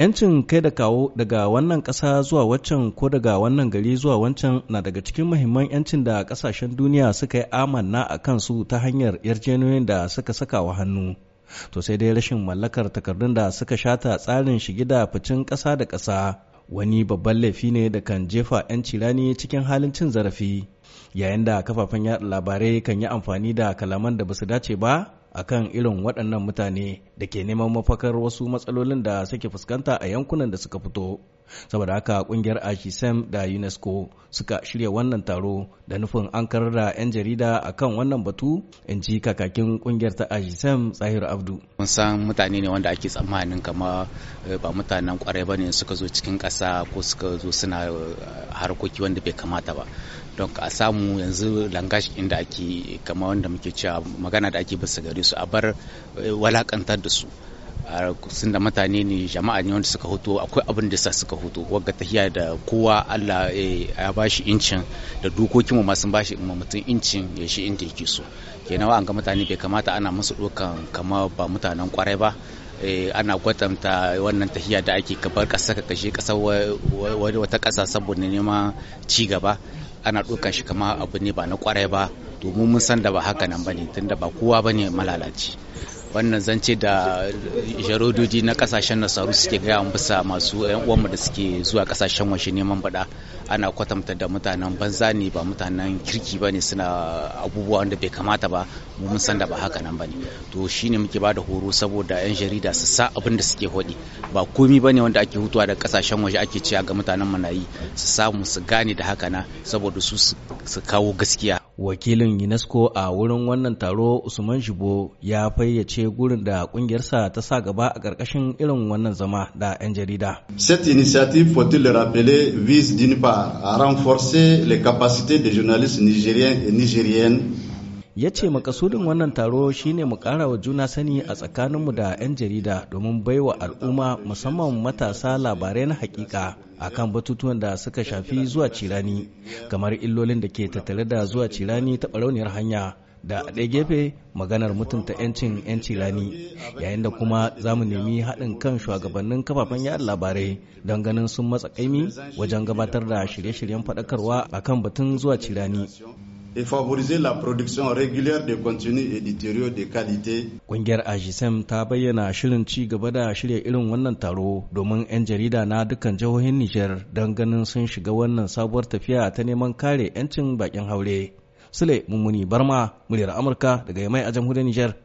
'Yancin kai da kawo daga wannan ƙasa zuwa waccan ko daga wannan gari zuwa wancan na daga cikin mahimman 'yancin da ƙasashen duniya suka yi amanna a kansu ta hanyar yarjejeniyoyin da suka saka wa hannu. To sai dai rashin mallakar takardun da suka shata tsarin shige da ficin ƙasa da ƙasa wani babban laifi ne da kan jefa 'yanci rani cikin halin cin zarafi yayin da kafafen yaɗa labarai kan yi amfani da kalaman da basu dace ba akan irin waɗannan mutane da ke neman mafakar wasu matsalolin da suke fuskanta a yankunan da suka fito. saboda haka kungiyar akisem da unesco suka shirya wannan taro da nufin an karar da 'yan jarida akan wannan batu in ji kakakin kungiyar ta akisem tsahir abdu mun san mutane ne wanda ake tsammanin kama eh, ba mutanen kwarai ba ne suka zo cikin kasa ko suka zo suna eh, harkoki wanda bai kamata ba don a samu yanzu langashi inda ake kama wanda muke cewa magana da ake bisa gare su a bar eh, walakantar da su sun da mutane ne jama'a ne wanda suka hoto akwai abin da sa suka hoto wagga tahiya da kowa Allah eh, ya ba shi incin da dokokin mu ma sun mu mutum incin ya shi inda yake so kenan an ga mutane bai kamata ana musu dokan kama ba mutanen kwarai ba eh, ana kwatanta wannan tahiya da ake kabar kasa ka kashe wani wata kasa saboda neman ci gaba ana dokan shi kama abu ne ba na kwarai ba domin mun san da ba haka nan bane tunda ba kowa bane malalaci wannan zance da jarodoji na kasashen nasaru suke gaya bisa masu yan uwanmu da suke zuwa kasashen washe neman bada ana kwatanta da mutanen banza ne ba mutanen kirki ba ne suna abubuwa wanda bai kamata ba mu mun san da ba haka nan bane to shine muke bada horo saboda yan jarida su sa abin da suke hodi ba komi bane wanda ake hutuwa da kasashen waje ake cewa ga mutanen mu na yi su samu su gane da haka na saboda su su kawo gaskiya wakilin unesco a wurin wannan taro usman shibo ya fayyace gurin da kungiyarsa ta sa gaba a ƙarƙashin irin wannan zama da 'yan jarida cette initiative faut-il le rappeler vise d'une part à renforcer les capacités des journalistes nigériens et nigériennes ya ce makasudin wannan taro shine mu karawa wa juna sani a tsakaninmu da 'yan jarida domin baiwa al'umma musamman matasa labarai na hakika akan batutuwan da suka shafi zuwa cirani kamar illolin da ke tattare da zuwa cirani ta barauniyar hanya da a ɗaya gefe maganar mutunta 'yancin 'yan cirani yayin da kuma za mu nemi haɗin kan shugabannin kafafen yada labarai don ganin sun matsa kaimi wajen gabatar da shirye-shiryen faɗakarwa a kan batun zuwa cirani et favoriser la production régulière de contenus éditoriaux de qualité. Kungiyar AGSM ta bayyana shirin ci gaba da shirya irin wannan taro domin 'yan jarida na dukkan jihohin Nijar don ganin sun shiga wannan sabuwar tafiya ta neman kare 'yancin bakin haure. Sule Mummuni Barma, muryar Amurka daga Yamai a jamhuriyar Nijar.